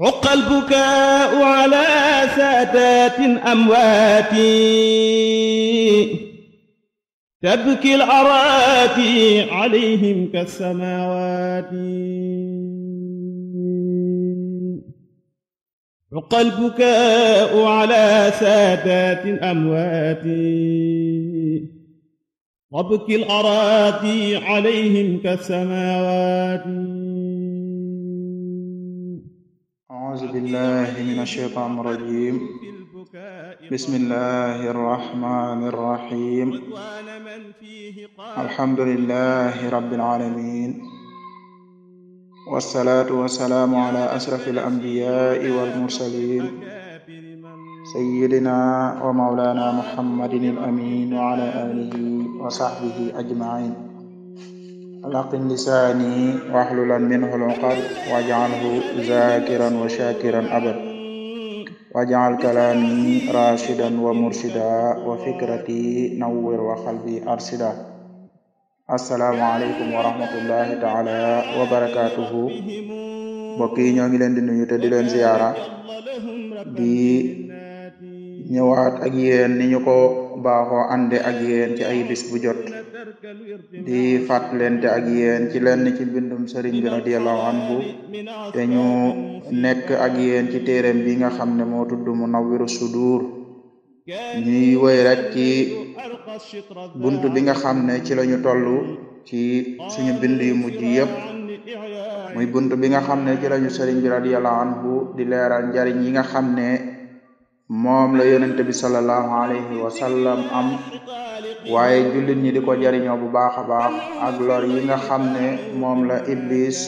عق البكاء على سادات أمواتي تبكي الأراتي عليهم كالسماوات عق البكاء على سادات أمواتي تبكي الأراتي عليهم كالسماوات أعوذ بالله من الشيطان الرجيم بسم الله الرحمن الرحيم الحمد لله رب العالمين والصلاة والسلام على أشرف الأنبياء والمرسلين سيدنا ومولانا محمد الأمين وعلى آله وصحبه أجمعين laqim lisaani waxlulan minhul uqad waj'alhu zakiran wa shakiran abad waj'al kalaami rashidan wa murshida wa fikrati nawwir wa qalbi arshida assalaamu aleykum wa rahmatullahi taala wa barakatuhu mbokk yi ñoo ngi leen di nuyu te di leen ziyaara di ñëwaat ak yéen ni ñu ko baaxoo ànde ak yéen ci ay bu jot di fàttalente ak yéen ci lenn ci mbindum sëriñ bi radiyallahu anhu te ñu nekk ak yéen ci téereem bi nga xam ne moo tudd Munawwirus Sudur ñuy woy rek ci bunt bi nga xam ne ci lañu toll ci suñu bind yu mujj yëpp muy bunt bi nga xam ne ci lañu sëriñ bi radiyallahu anhu di leeral njariñ yi nga xam ne moom la yonente bi sallallahu alayhi wa am waaye jullit ñi di ko bu baax a baax ak lor yi nga xam ne moom la iblis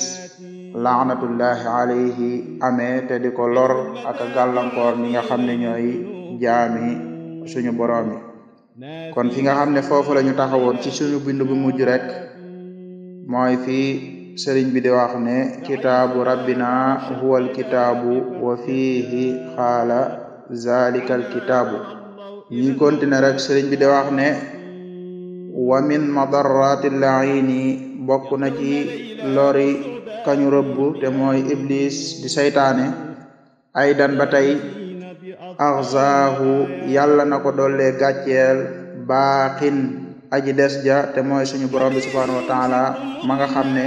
laanatullahi alayhi ame te di ko lor ak gàllankoor ñi nga xam ne ñooy jaami suñu boroom yi kon fi nga xam ne foofu la ñu taxawoon ci suñu bind bu mujj rek mooy fi sëriñ bi di wax ne rabbina huwal kitaabu wa fiihi xaala zalika al ñi continuer rek sëriñ bi di wax ne wa min na ci lori kañu rëbb te mooy iblis di saytaane ay dan ba tey axzaahu yàlla na ko dollee gàcceel baaxin aji des ja te mooy suñu borom bi subhanahu wa taala nga xam ne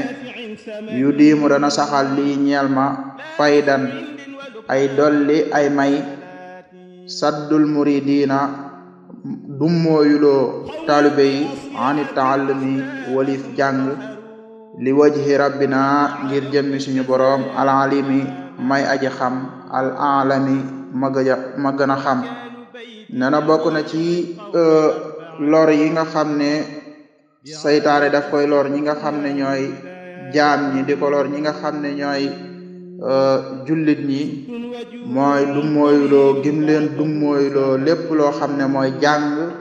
yu diimu dana saxal lii ñeel ma faydan ay dolli ay may saddul muridina dummooyuloo taalibe yi ani taallumi walif jàng li wajhi rabbina ngir jëmmi suñu boroom alalimi may aji xam al alami magaja ma xam nena bokk na ci euh, lor yi nga xam ne saytaane daf koy lor ñi nga xam ne ñooy jaam yi di ko lor ñi nga xam ne ñooy Euh, jullit ñi mooy du mooyloo gim leen du lépp loo xam ne mooy jàng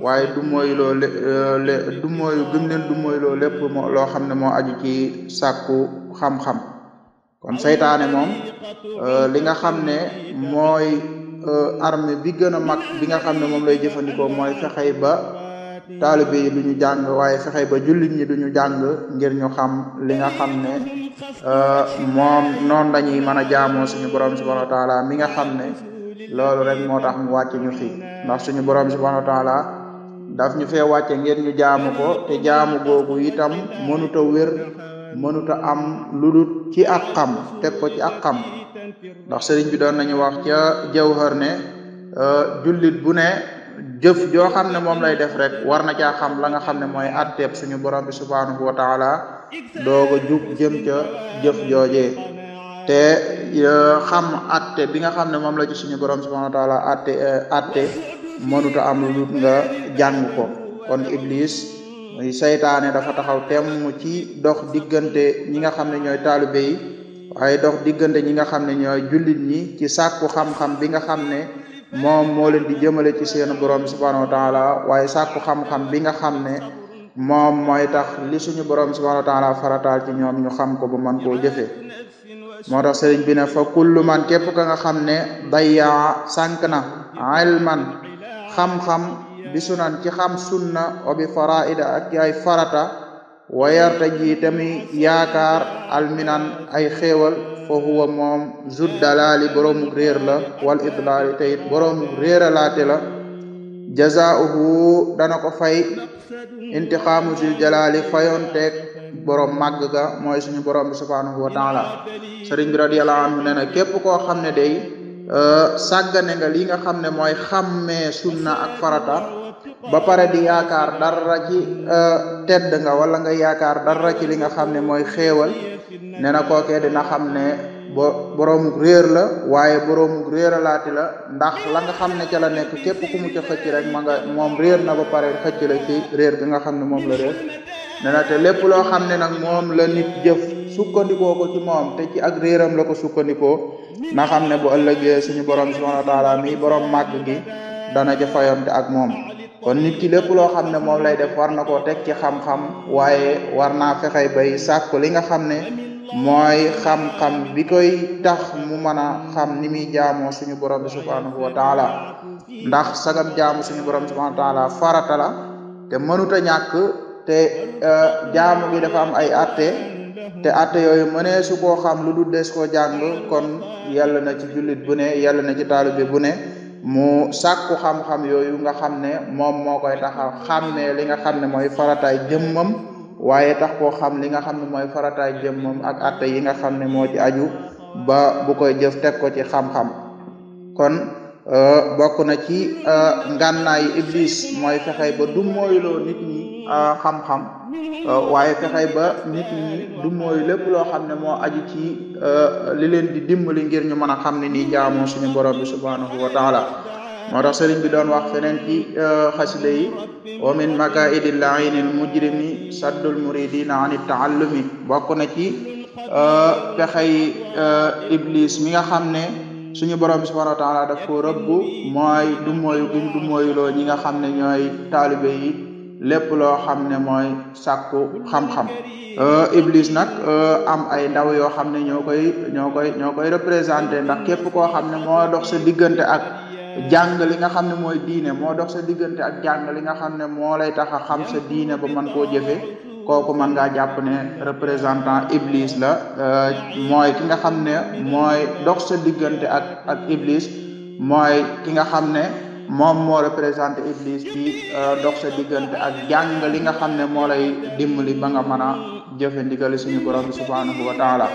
waaye du mooyloo le euh, leen du mooyloo lépp loo xam ne moo aju ci sàkku xam-xam kon seytaane moom euh, li nga xam ne mooy arme bi gën a mag bi nga xam ne moom lay jëfandikoo mooy fexey ba taalibe yi du ñu jàng waaye fexe ba julit ñi du ñu jàng ngir ñu xam li nga xam ne euh, moom noonu dañuy mën a jaamoo suñu borom subhanahu wa taala mi nga xam ne loolu rek moo tax mu wàcce ñu fi ndax suñu borom subhanahu wa taala ñu fee wàcce ngir ñu jaamu ko te jaamu googu itam mënut a wér am lu dul ci ak xam teg ko ci ak xam ndax sëriñ bi doon nañu wax ca jawhar ne euh, jullit bu ne. jëf joo xam ne moom lay def rek war na caa xam la nga xam ne mooy atteeb suñu borom bi subhanahu wa taala doog a jug jëm ca jëf joojee te xam atte bi nga xam ne moom la ci suñu borom subhanahu wa taala atte eh, atte mënuta am lu nga jàng ko kon iblis muy saytaane dafa taxaw temm ci dox diggante ñi nga xam ne ñooy taalibe yi waaye dox diggante ñi nga xam ne ñooy jullit ñi ci sàkku xam-xam bi nga xam ne moom moo leen di jëmale ci seen borom bi subhanahu wa taala waaye sàkku xam-xam bi nga xam ne moom mooy tax li suñu borom bi wa taala farataal ci ñoom ñu xam ko ba man koo jëfee moo tax sëriñ bi ne fa kullu man képp ka nga xam ne dayyaa sànk na ilman xam-xam bi ci xam sunna obi faraida ak ay farata wayarta ji tami yaakaar alminan ay xéwal fa huwa moom zud dalaali boroomuk réer la wal idlaali te it boroomuk réeralaate la jazauhu dana ko fay intiqaamu zil jalaali fayoon teeg borom màgg ga mooy suñu borom bi subhaanahu wa taala sëriñ bi radiyallahu anhu nee na képp koo xam ne day euh, sàggane nga li nga xam ne mooy xàmmee sunna ak farata ba pare di yaakaar dara ci euh, tedd nga wala nga yaakaar dara ci li nga xam ne mooy xéewal nee na kookee dina xam ne bo borom réer la waaye boroomuk réeralaati la ndax la nga xam ne ca la nekk képp ku mu ca xëcc rek ma nga moom réer na ba pare xëcc la ci réer bi nga xam ne moom la réer nee te lépp loo xam ne nag moom la nit jëf sukkandikoo ko ci moom te ci ak réeram la ko sukkandikoo na xam ne bu ëllëgee suñu borom subhanahu wa taala mi borom màgg gi dana ja fayonte ak moom kon nit ki lépp loo xam ne moom lay def war na koo teg ci xam-xam waaye war naa fexe bay sàkku li nga xam ne mooy xam-xam bi koy tax mu mën a xam ni muy jaamoo suñu borom bi subhanahu wa taala ndax sagam jaamu suñu borom bi subhanahu wa taala farata la te mënut a ñàkk te euh, jaamu gi dafa am ay atte te atte yooyu mënee su koo xam lu dul des koo jàng kon yàlla na ci jullit bu ne yàlla na ci taalibe bu ne mu sàkku xam-xam yooyu nga xam ne moom moo koy taxaw xam ne li nga xam ne mooy farataay jëmmam waaye tax koo xam li nga xam ne mooy farataay jëmmam ak atte yi nga xam ne moo ci aju ba bu koy jëf teg ko ci xam-xam kon Euh, bokk na ci euh, ngànnaayu iblis mooy fexey ba du mooyloo nit ñi euh, xam-xam waaye fexey ba nit ñi du lépp loo xam ne moo aju ci li leen di dimbali ngir ñu mën a xam ne nii jaamoo suñu borom bi subhanahu wa taala moo tax sëriñ bi doon wax feneen ci xasida yi wa min makaidi lainil mujrimi saddul muridina an taallumi bokk na ci pexey iblis mi nga xam ne suñu boro bi subhanahu wa taala daf ko rëbb mooy du mooyu gum du mooyuloo ñi nga xam ne ñooy taalibe yi lépp loo xam ne mooy sàkku xam-xam euh, Iblis nag euh, am ay ndaw yoo xam ne ñoo koy ñoo koy ñoo koy représenté ndax képp koo xam ne moo dox sa diggante ak jàng li nga xam ne mooy diine moo dox sa diggante ak jàng li nga xam ne moo lay tax a xam sa diine ba mën koo jëfee kooku mën ngaa jàpp ne représentant iblis la euh, mooy ki nga xam ne mooy dox sa diggante ak ak iblis mooy ki nga xam ne moom moo représenté iblis ci euh, dox sa diggante ak jàng li nga xam ne moo lay dimbali ba nga mën a jëfe ndigali suñu borom bi subhanahu wa taala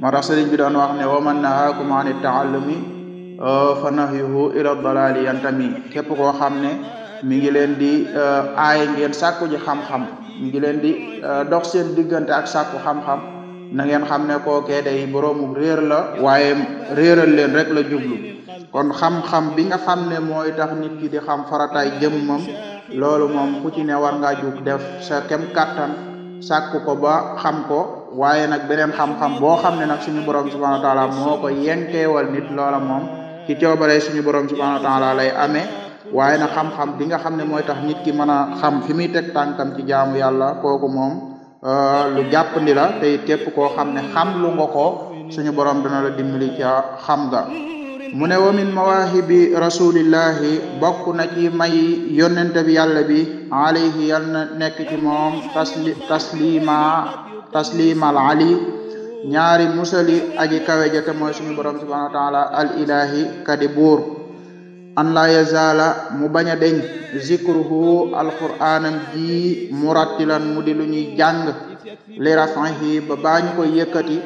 moo tax sëriñ bi doon wax ne wa man nahaakum ani taallumi euh, fa nahyuhu ila dalaali képp koo xam ne mi ngi leen di aay ngeen sàkku ji xam-xam ñu ngi leen di euh, dox seen diggante ak sàkku xam-xam na ngeen xam ne kookee day boroomu réer la waaye réeral leen rek la jublu kon xam-xam bi nga xam ne mooy tax nit ki di xam farataay jëmmam loolu moom ku ci ne war ngaa jug def sa kem kàttan sàkku ko ba xam ko waaye nag beneen xam-xam boo xam ne nag suñu borom subhanahu wa taala moo ko yenkeewal nit loola moom ci coobare suñu borom subhanahu wa lay amee waaye na xam-xam bi nga xam ne mooy tax nit ki mën a xam fi muy teg tànkam ci jaamu yàlla kooku moom euh, lu jàpp jàppandi la te képp koo xam ne xam lu nga ko suñu borom dana la dimbali ca xam nga mu ne wa min mawaahibi rasulillahi bokk na ci may yonente bi yàlla bi alayhi yal na nekk ci moom tasli taslima taslimal ali ñaari musali aji kawe ja te mooy suñu borom subhanahu wa taala al ilahi kadi an la mu bañ a deñ zikruhu alquranam ji murattilan mu di lu ñuy jàng li rafahi ba baa ñu yëkkati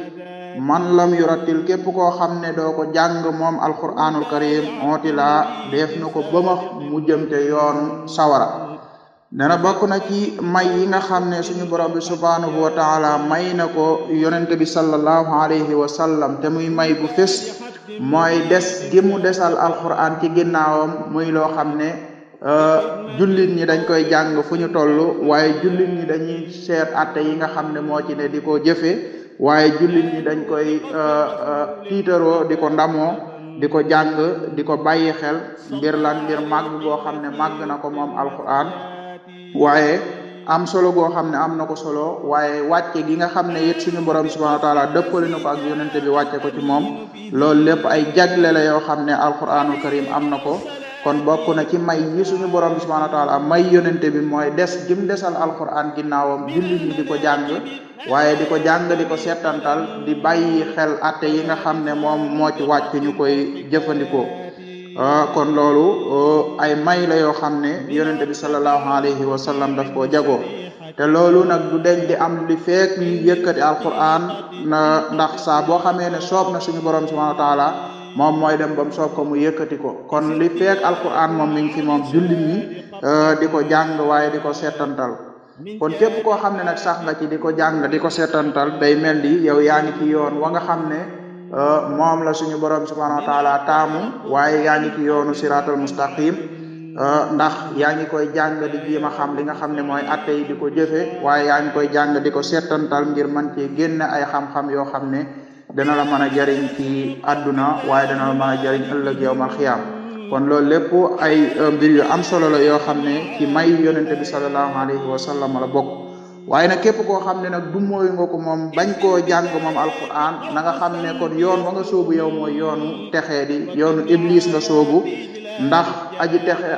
man lam yurattil képp koo xam ne doo ko jàng moom alquranul karim ontila def na ko bëmax mu jëmte yoonu sawara nena bokk na ci may yi nga xam ne suñu borom bi subhanahu wa taala may na ko yonente bi sallallahu alayhi wa sallam te muy may bu fés mooy des gi desal desal alquran ci ginnaawam muy loo xam ne euh, jullit ñi dañ koy jàng fu ñu toll waaye jullin yi dañuy seet atte yi nga xam ne moo ci ne di ko jëfe waaye jullin yi dañ koy euh, euh, tiitaroo di ko ndamoo di ko jàng di ko bàyyi xel ngir lan ngir màgg boo xam ne màgg na ko moom alquran waaye am solo goo xam ne am na ko solo waaye wàcce gi nga xam ne it suñu borom subhanahu wa taala dëppale na ko ak yonente bi wàcce ko ci moom loolu lépp ay jagle la yoo xam ne alquranul karim am na ko kon bokk na ci may yi suñu borom bi subhanahu wa may yonente bi mooy des gim desal alquran ginnaawam jullit ñi di ko jàng waaye di ko jàng di ko seetantal di bàyyi xel ate yi nga xam ne moom moo ci wàcc ñu koy jëfandikoo Ah, kon loolu oh, ay may la yoo xam ne yonente bi sallallahu alayhi wa sallam daf koo jagoo te loolu nag du deñ di am li feek ñu yëkkati alquran na ndax saa boo xamee ne soob na suñu borom subhanahu wa taala moom mooy dem ba mu soob ko mu yëkkati ko kon li feek alquran moom mi ngi fi moom jullit ñi ah, di ko jàng waaye di ko seetantal kon képp koo xam ne nag sax nga ci di ko jàng di ko seetantal bay mel ni yow yaa ngi ci yoon wa nga xam ne Euh, moom la suñu borom subhanahu wa taala taamu waaye yaa ngi ci yoonu siratal mustaqim euh, ndax yaa ngi koy jàng di jéem a xam li nga xam ne mooy atte yi di ko jëfe waaye yaa ngi koy jàng di ko settantal ngir mën cee génn ay xam-xam yoo xam ne dana la mën a jariñ ki àdduna waaye dana la mën a jariñ ëllëg yow xiyaam kon loolu lépp ay euh, mbir yu am solo la yoo xam ne ki may yonente bi sallallahu alayhi wa sallam la bokk waaye nag képp koo xam ne nag du mooy nga ko moom bañ koo jàng moom alquran na nga xam ne kon yoon wa nga soobu yow mooy yoonu texee di yoonu iblis nga soobu ndax aji texe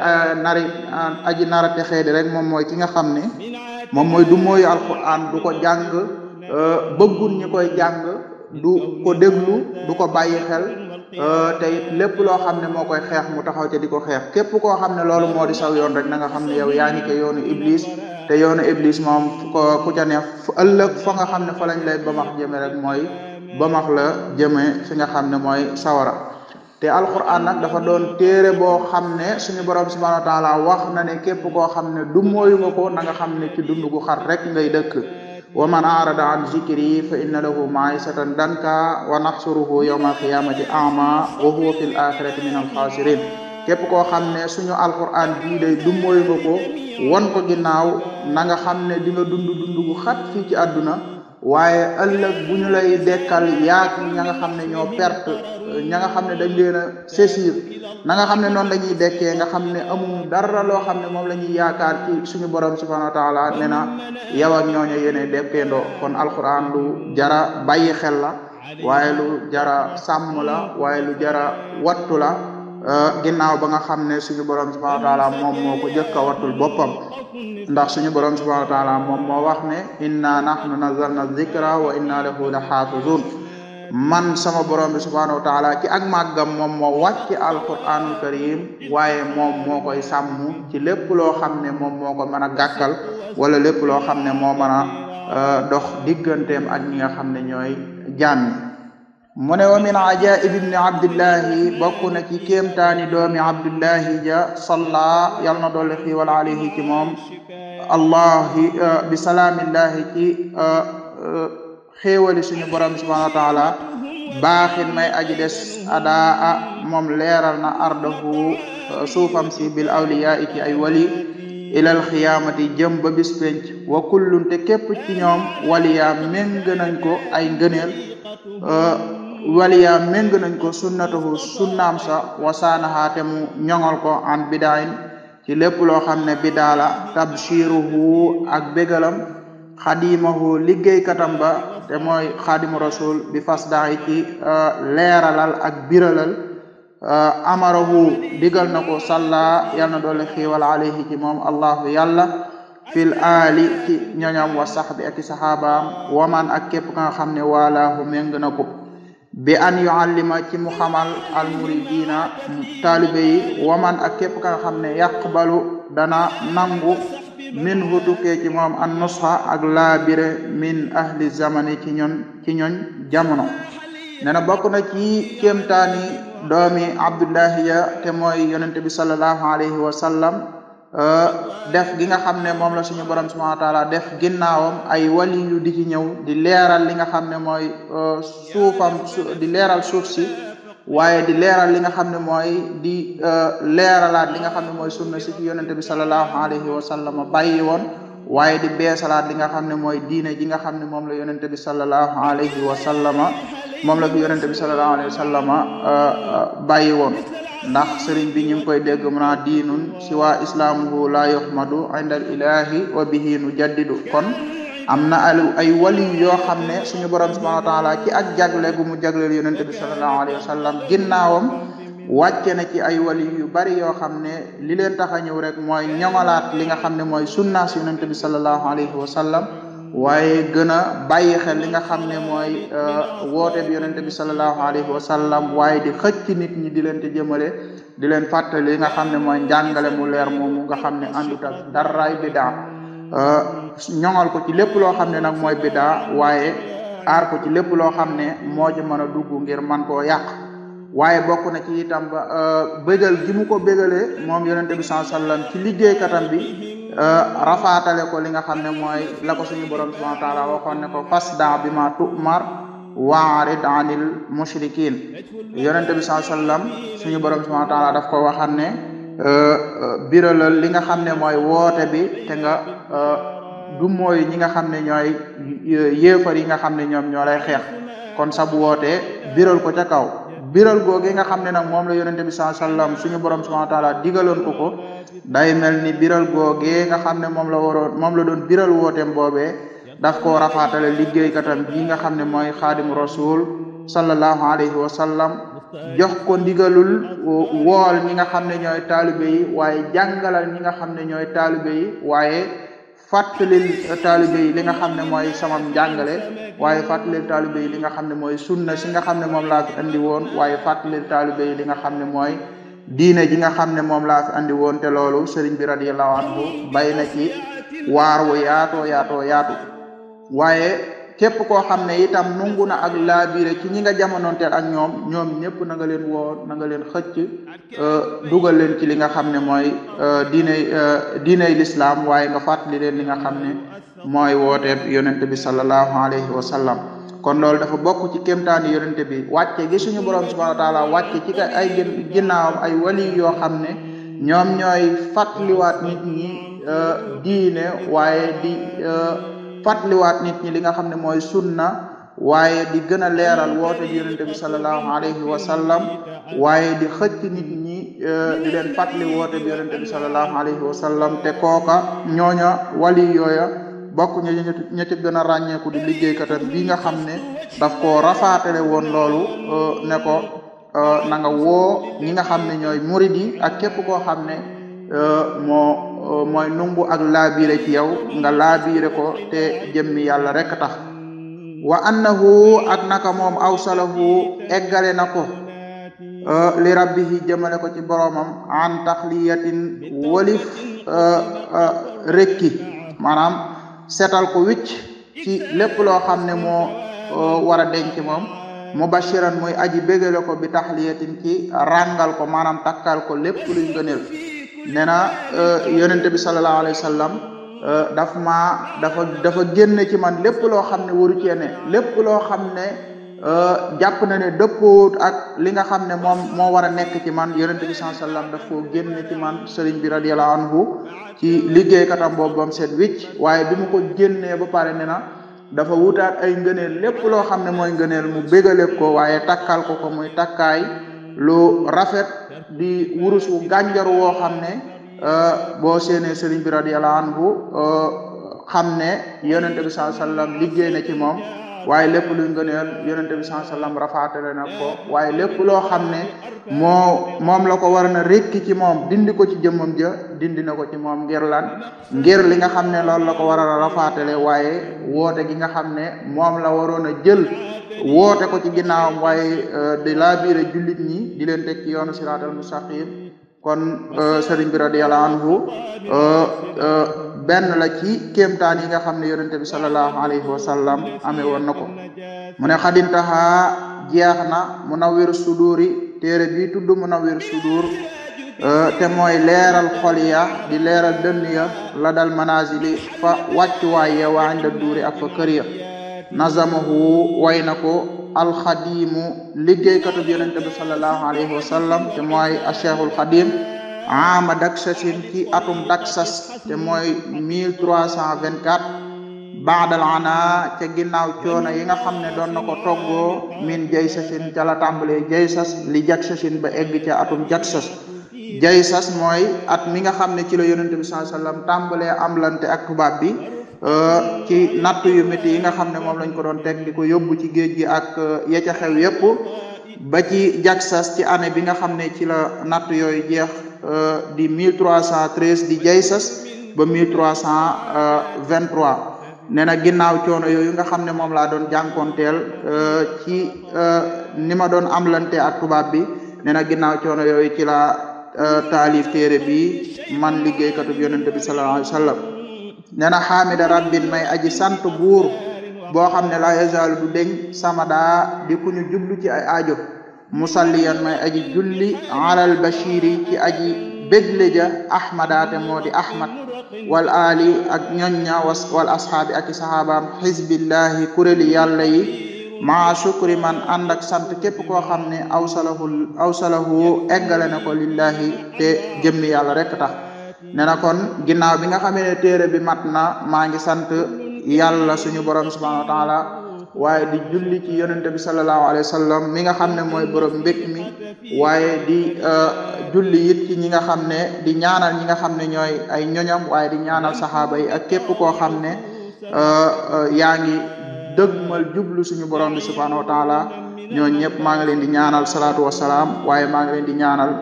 nari aji nara texee di rek moom mooy ki nga xam ne moom mooy du mooyu alquran du ko jàng euh, bëggul ñi koy jàng duko déglu du ko bàyyi xel euh, te it lépp loo xam ne moo koy xeex mu taxaw ca di ko xeex képp koo xam ne loolu moo di saw yoon rek na nga xam yow yaa ngi ca yoonu iblis te yoonu iblis moom ko ku ca ne ëllëg fo nga xam ne fa lañ lay bamax jëme rek mooy bamax la jëme fi nga xam ne mooy sawara te alquran nag dafa doon téere boo xam ne suñu borom subhanahu wa taala wax na ne képp koo xam ne du mooyu nga ko na nga xam ne ci dund gu xar rek ngay dëkk wa man arada an zikri fa inna lahu maisatan danka wa naxsuruhu yawma alqiyamati ama wa huwa fi l axirati min alxaasirin képp koo xam ne suñu alquran bii day du mooy ko won ko ginnaaw na nga xam ne di nga dund dund gu xat fii ci àdduna waaye ëllëg bu ñu lay dekkal yaag ña nga xam ne ñoo perte ña nga xam ne dañ leen a na nga xam ne noonu la dekkee nga xam ne amul dara loo xam ne moom la ñuy yaakaar ci suñu borom subhanahu wa taala nee na yow ak ñooñu yéene dekkeendoo kon alquran lu jara bàyyi xel la waaye lu jara sàmm la waaye lu jara wattu la Eh, ginnaaw ba nga xam ne suñu borom subhanahu wa taala moom moo ko jëkk a boppam ndax suñu borom subhanahu wa taala moom moo wax ne inna nahnu nazalna zikra wa inna lahu la xaafizun man sama borom bi subhanahu wa taala ci ak màggam moom moo wàcc alquranul karim waaye moom moo koy sàmm ci lépp loo xam ne moom moo ko mën a gàkkal wala lépp loo xam ne moo mën a eh, dox digganteem ak ñi nga xam ne ñooy jaam mu ne wa min ajaib ibni abdillahi bokk na ci kemtaani doomi abdillahi ja salla yal na doole xiiwal alayhi ci moom allahi euh, bi salaamillahi ci euh, euh, xéewali suñu borom subhanahu wa taala baaxin may aji des adaa moom leeral na ardahu suufam si bil awliyaa ci ay wali ilal xiyaamati jëm ba bis penc wa kullun te képp ci ñoom waliyaa méng nañ ko ay ngëneel Euh, waliya méng nañ ko sunnatahu sunnaam sa wasaanaha te mu ko an bidaayin ci lépp loo xam ne bidaa la tabshiruhu ak bégalam xadimahu liggéeykatam ba te mooy xadimu rasul bi fas daay ci euh, leeralal ak biralal euh, amarahu digal na ko salla yàlla na doole xiiwal alayhi ci moom allahu yàlla fil aali ci ñoñam wa sax bi ak i saxaabaam waman ak képp ka nga xam ne waalaahu méng na ko bi an yuallima ci mu xamal almuridina taalibe yi waman ak képp ka xam ne yaqbalu dana nangu min hu tukkee ci moom an nusxa ak laabire min ahli zamani ci ñoñ ci ñoñ jamono ci kéemtaani doomi abdullahi ya te mooy yonente bi alayhi wa Euh, def gi nga xam ne moom la suñu borom subhanahu wa taala def ginnaawam ay wali yu di ci ñëw di leeral li nga xam ne mooy euh, suufam di leeral suuf si waaye di leeral li nga xam ne mooy di euh, leeralaat li nga xam ne mooy sunna si fi yonente bi sallallahu alayhi wa sallam bàyyi woon waaye di beesalaat li nga xam ne mooy diine ji nga xam ne moom la yonente bi sallallahu alayhi wa sallama moom la fi yonente bi sallallahu alayhi wa sallama bàyyi woon ndax sëriñ bi ñu koy dégg mu naa diinun si waa islaamuhu la yuhmadu indal ilahi wa bihi jaddidu kon am na ay wali yoo xam ne suñu borom subhanahu wa ci ak jagle gu mu jagleel yonente bi sallallahu alayhi wa sallam ginnaawam na ci ay wali yu bari yoo xam ne li leen tax a ñëw rek mooy ñoŋalaat li nga xam ne mooy sunnaas yonente bi sallallahu alayhi wa sallam waaye gën a bàyyi xel li nga xam ne mooy euh, woote bi yonente bi salallahu alayhi wa sallam waaye di xëcc nit ñi di leen te jëmale di leen fàttali li nga xam ne mooy njàngale mu leer moomu nga xam ne àndut ak daraay bidaa euh, ñoŋal ko ci lépp loo xam ne nag mooy bidaa waaye aar ko ci lépp loo xam ne moo ci mën a dugg ngir man koo yàq waaye bokk na ci itam ba euh, bégal gi mu ko bégalee moom yonente bi salallahu alayhi ci liggéeykatam bi Euh, rafaatale ko li nga xam ne mooy la ko suñu borom subhanahu wa taala waxoon ne ko fasda bi ma tumar waarid anil mushrikin yonente bi saa sallam suñu borom subhanahu wa taala daf ko waxan ne euh, biralal li nga xam ne mooy woote bi te nga euh, du mooy ñi nga xam ne ñooy yéefar yi nga xam ne ñoom ñoo lay xeex kon sa bu wootee biral ko ca kaw biral googi nga xam ne nag moom la yonente bi saa sallam suñu borom subhanahu wa taala digaloon ko ko day ni biral googee nga xam ne moom la waroon moom la doon biral wooteem boobee daf koo rafaatale liggéeykatam bii nga xam ne mooy xaadim rasul sallallahu alayhi wa sallam jox ko ndigalul wool ñi nga xam ne ñooy taalibe yi waaye jàngalal ñi nga xam ne ñooy taalibe yi waaye fàttalil taalibe yi li nga xam ne mooy samam njàngale waaye fàttalil taalibe yi li nga xam ne mooy sunna si nga xam ne moom laa fi andi woon waaye fàttalil taalibe yi li nga xam ne mooy diine ji nga xam ne moom laa fi andi woon te loolu sëriñ bi radiyallahu anhu bay na ci waar wu yaatoo yaatoo yaatu waaye képp koo xam ne itam nungu na ak laabire ci ñi nga jamonoonteel ak ñoom ñoom ñëpp na nga leen woo na leen xëcc euh, dugal leen ci li nga xam ne mooy diiney euh, diiney euh, lislaam waaye nga fàttali leen li nga xam ne mooy wooteeb yonente bi sallallahu alayhi wa sallam kon loolu dafa bokk ci kéemtaani yonente bi wàcce gi suñu borom subhanahu wa taala wàcce ci ay ginnaawam ay wali yoo xam ne ñoom ñooy fàttaliwaat nit ñi diine waaye di fàttaliwaat nit ñi li nga xam ne mooy sunna waaye di gën a leeral woote yonente bi salallahu alayhi wa waaye di xëcc nit ñi euh, di leen fàttali woote bi yonente bi alayhi wa te kooka ñooña wali yooya bokk ñu ña ci gën a ràññeeku di liggéeykatam bi nga xam ne daf koo rafaatale woon loolu euh, ne ko euh, na nga woo ñi nga xam ne ñooy murid yi ak képp koo xam ne Euh, moo euh, mooy nungu ak laabiire ci yow nga laabiire ko te jëmmi yàlla rek tax wa na annahu ak naka moom awsalahu eggale na ko euh, li rabbihi jëmale ko ci boroomam an taxliyatin walif rekki maanaam seetal ko wicc ci lépp loo xam ne moo war a denc moom mubashiran muy aji bégale ko bi taxliyatin ci ràngal ko maanaam takal ko lépp luy ngëneel nee na euh, yonente bi sallallahu alayhi wa sallam euh, daf ma dafa dafa génne ci man lépp loo xam ne waru cee ne lépp loo xam ne euh, jàpp na ne dëppoowut ak li nga xam ne moom moo war a nekk ci man yonente bi sallallahu alayhi daf ko génne ci man sëriñ bi radiyallahu anhu ci liggéeykatam boobu bam seet wicc waaye bi mu ko génnee ba pare nee na dafa wutaat ay ngëneel lépp loo xam ne mooy ngëneel mu bégale ko waaye takkal ko ko muy takkaay lu rafet di wurus wu gànjar woo xam ne euh, boo séenee sëriñ bi radiyallahu anhu euh, xam ne yonente bi sallallahu alayhi wasallam liggéey na ci moom waaye lépp luy ngëneel yonente bi saa sallam rafaatale na ko waaye lépp loo xam ne moo moom la ko wara na rekki ci moom dindi ko ci jëmmam ja dindi na ko ci moom ngir lan ngir li nga xam ne loolu la ko wara a rafaatale waaye woote gi nga xam ne moom la waroon a jël woote ko ci ginnaawam waaye euh, di laa biire jullit ñi di leen teg ci yoonu siraatal mustaqim kon euh, sëriñ bi radiyallahu anhu euh, euh, benn la ci kéemtaan yi nga xam ne yonente bi sallallahu alayhi wa sallam amee woon na ko mu ne xadintaxa jeex na munawwir suduri téere bi tudd mu na munawwir sudur te moy leeral xol di leeral dënn la dal manazili fa wàccuwaay ye waa inda duuri ak fa kër ya nazamahu way na ko alxadimu liggéeykatu bi yonente bi salallahu alayhi wa sallam te mooy a cheikhul xadim ama daksasin ci atum daksas te mooy mille cent vingt quatre baadal ana ca ginnaaw coono yi nga xam ne doon na ko toggoo min jaysasin ca la tàmbalee jaysas li jaksasin ba egg ca atum jaksas jaysas mooy at mi nga xam ne ci la yonente bi salallahu alayhi wa amlante ak tubaab bi Euh, ci natt yu métti yi nga xam ne moom lañ ko doon teg di yóbbu ci géej gi ak euh, ya ca xew yépp ba ci jaksas ci année bi nga xam ne ci la natt yooyu jeex euh, di mille trois cent treize di jaysas ba mille trois cent vingt trois nee na ginnaaw coono yooyu nga xam ne moom laa doon jànkoonteel ci ni ma doon amlante ak tubaab bi nee na ginnaaw coono yooyu ci la taalif téere bi man liggéeykatub yonente bi sallallahu alayhi wa sallam nee na xaamida rabbin may aji sant buur boo xam ne la yazaalu du deñ sama di ku ñu jublu ci ay aajo musalliyan may aji julli alal bashiri ci aji bégle ja ahmadaate moo di ahmad wal ali ak ñoñña was wal ashaabi ak i sahabaam xisbillahi kuréli yàlla yi maa sukri man ànd sant képp koo xam ne awsalahu awsalahu eggale na ko lillahi te jëmmi yàlla rek tax ne na kon ginnaaw bi nga xamee ne téere bi mat na maa ngi sant yàlla suñu borom subhanahu wa taala waaye di julli ci yonente bi sallallahu alayhi mi nga xam ne mooy borom mbég mi waaye di euh, julli it ci ñi nga xam ne di ñaanal ñi nga xam ne ñooy ay ñoñam waaye di ñaanal saxaaba yi ak képp koo xam ne euh, euh, yaa ngi dëgmal jublu suñu borom bi subhanahu wa taala ñoo ñëpp maa ngi leen di ñaanal salaatu wasalaam waaye maa ngi leen di ñaanal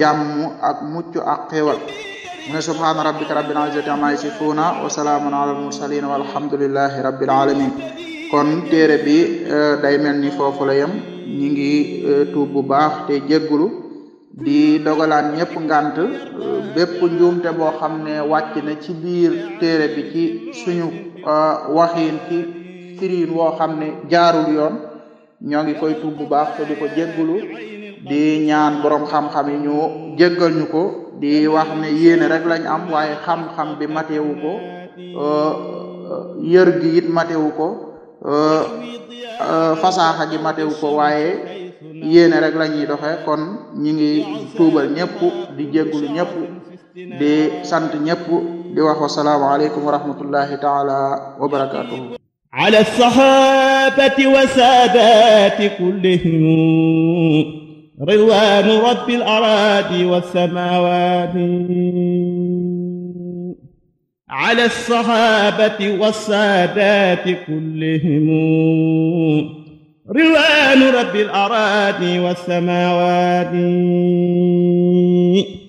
jàmm ak mucc ak xéewal mu ne subhaana rabbika rabbil izzati amma yasifuuna wa salaamun ala al mursalin walhamdulillahi rabbil alamin kon téere bi e, day mel ni foofu la yem ñi e, bu baax te jéggulu di dogalaan ñëpp ngant e, bépp njuumte boo xam ne wàcc na ci biir téere bi ci suñu waxiin ci firiin woo xam ne jaarul yoon ñoo ngi koy tuub bu baax te di ko di ñaan borom xam-xam yi ñu jéggal ñu ko di wax ne yéene rek lañ am waaye xam-xam bi matewu ko yër gi it matewu ko fasaaxa gi matewu ko waaye yéene rek la ñuy kon ñi ngi tuubal ñëpp di jéggulu ñëpp di sant ñëpp di wax wasalaamu aleykum wa rahmatullahi taala wa barakatuhu ala sahabati wa saadati kullihim ridwaanu rabbil araadi wassamaawaati ala saxaabati wassaadaati kullihim ridwaanu rabbil araadi wassamaawaati